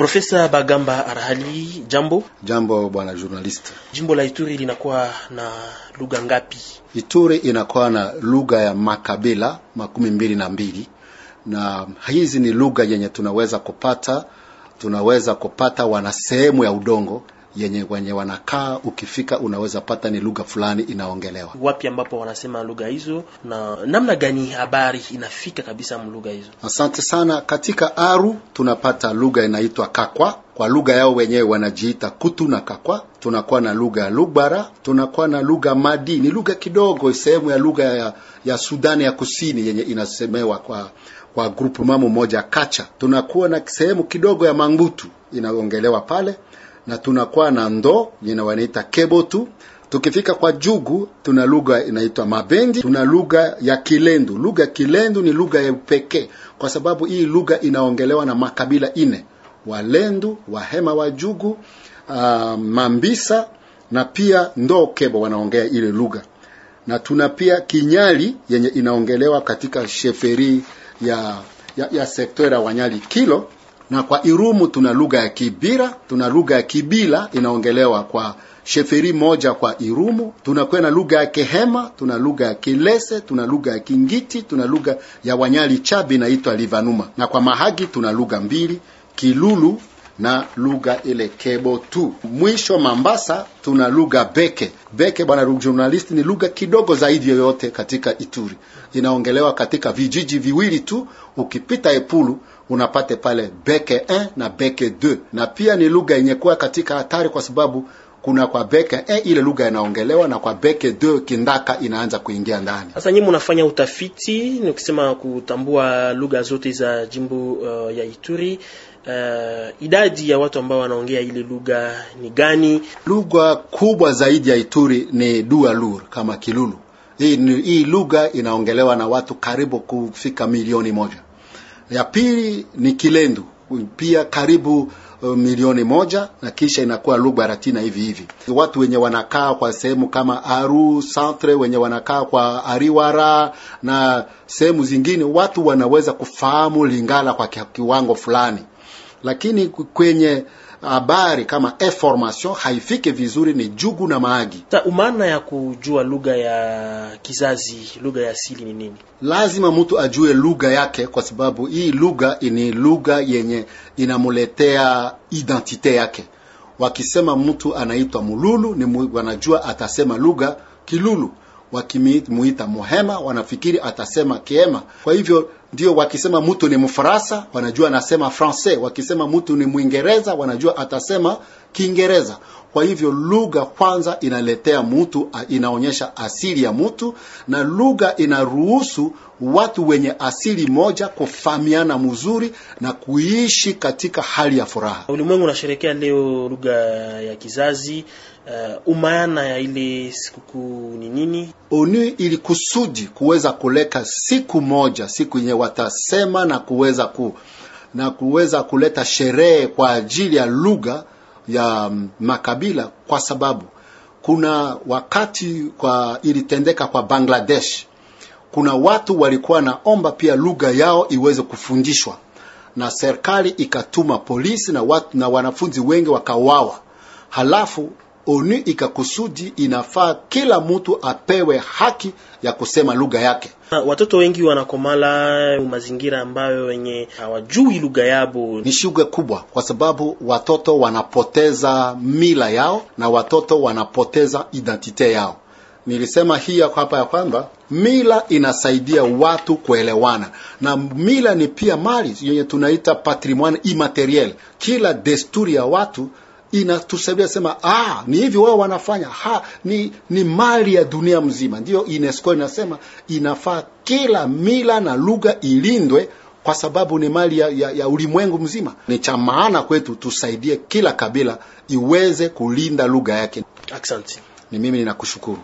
Profesa Bagamba Arhali, jambo. Jambo bwana journalist. Jimbo la Ituri linakuwa na lugha ngapi? Ituri inakuwa na lugha ya makabila makumi mbili na mbili, na hizi ni lugha yenye tunaweza kupata tunaweza kupata wana sehemu ya udongo yenye wenye wanakaa, ukifika unaweza pata ni lugha fulani inaongelewa wapi, ambapo wanasema lugha hizo, na namna gani habari inafika kabisa mlugha hizo. Asante sana. Katika Aru tunapata lugha inaitwa Kakwa, kwa lugha yao wenyewe wanajiita Kutu na Kakwa. Tunakuwa na lugha ya Lubara, tunakuwa na lugha Madi, ni lugha kidogo sehemu ya lugha ya, ya Sudani ya Kusini yenye inasemewa kwa kwa grupu mamo moja Kacha. Tunakuwa na sehemu kidogo ya Mangutu inaongelewa pale na tunakuwa na ndo yenye wanaita tu Tukifika kwa Jugu tuna lugha inaitwa Mabendi, tuna lugha ya Kilendu. Lugha ya Kilendu ni lugha ya upekee kwa sababu hii lugha inaongelewa na makabila ine: Walendu, Wahema wa Jugu, uh, ah, Mambisa na pia ndo Kebo wanaongea ile lugha, na tuna pia Kinyali yenye inaongelewa katika sheferi ya, ya, ya sekta ya Wanyali kilo na kwa Irumu tuna lugha ya Kibira, tuna lugha ya Kibila inaongelewa kwa sheferi moja kwa Irumu. Tunakuwa na lugha ya Kihema, tuna lugha ya Kilese, tuna lugha ya Kingiti, tuna lugha ya Wanyali Chabi inaitwa Livanuma, na kwa Mahagi tuna lugha mbili, Kilulu na lugha ile Kebo tu. Mwisho Mambasa tuna lugha Beke. Beke bwana journalist, ni lugha kidogo zaidi yoyote katika Ituri, inaongelewa katika vijiji viwili tu. Ukipita Epulu unapate pale Beke 1 na Beke 2, na pia ni lugha yenye kuwa katika hatari kwa sababu kuna kwa Beke eh, ile lugha inaongelewa na kwa Beke 2 kindaka inaanza kuingia ndani. Sasa nyinyi mnafanya utafiti, ni kusema kutambua lugha zote za jimbo uh, ya Ituri uh, idadi ya watu ambao wanaongea ile lugha ni gani? Lugha kubwa zaidi ya Ituri ni Dualur kama Kilulu. Hii, hii lugha inaongelewa na watu karibu kufika milioni moja. Ya pili ni Kilendu pia karibu uh, milioni moja na kisha inakuwa lugha Ratina hivi hivi. Watu wenye wanakaa kwa sehemu kama Aru Centre, wenye wanakaa kwa Ariwara na sehemu zingine, watu wanaweza kufahamu Lingala kwa kiwango fulani lakini kwenye habari kama information haifiki vizuri, ni jugu na maagi. umana ya kujua lugha ya kizazi, lugha ya asili ni nini? Lazima mtu ajue lugha yake, kwa sababu hii lugha ni lugha yenye inamuletea identite yake. Wakisema mtu anaitwa Mululu, ni wanajua atasema lugha Kilulu. Wakimuita Muhema, wanafikiri atasema Kihema. Kwa hivyo ndio wakisema mtu ni Mfaransa wanajua anasema Francais, wakisema mtu ni Mwingereza wanajua atasema Kiingereza. Kwa hivyo lugha kwanza inaletea mtu, inaonyesha asili ya mtu, na lugha inaruhusu watu wenye asili moja kufahamiana mzuri na kuishi katika hali ya furaha. Ulimwengu unasherekea leo lugha ya kizazi. Uh, umaana ya ile sikukuu ni nini? ONU ilikusudi kuweza kuleka siku moja, siku yenye watasema na kuweza ku, na kuweza kuleta sherehe kwa ajili ya lugha ya mm, makabila, kwa sababu kuna wakati kwa ilitendeka kwa Bangladesh, kuna watu walikuwa naomba pia lugha yao iweze kufundishwa, na serikali ikatuma polisi na watu na wanafunzi wengi wakawawa, halafu ONU ikakusudi inafaa kila mtu apewe haki ya kusema lugha yake. Watoto wengi wanakomala mazingira ambayo wenye hawajui lugha yabo. Ni shughuli kubwa, kwa sababu watoto wanapoteza mila yao na watoto wanapoteza identite yao. Nilisema hii hapa ya kwamba mila inasaidia watu kuelewana, na mila ni pia mali yenye tunaita patrimoine immateriel. Kila desturi ya watu inatusaidia sema ah, ni hivi wao wanafanya ha, ni, ni mali ya dunia mzima. Ndiyo UNESCO inasema inafaa kila mila na lugha ilindwe kwa sababu ni mali ya, ya, ya ulimwengu mzima. Ni cha maana kwetu tusaidie kila kabila iweze kulinda lugha yake. Asante. Ni mimi ninakushukuru.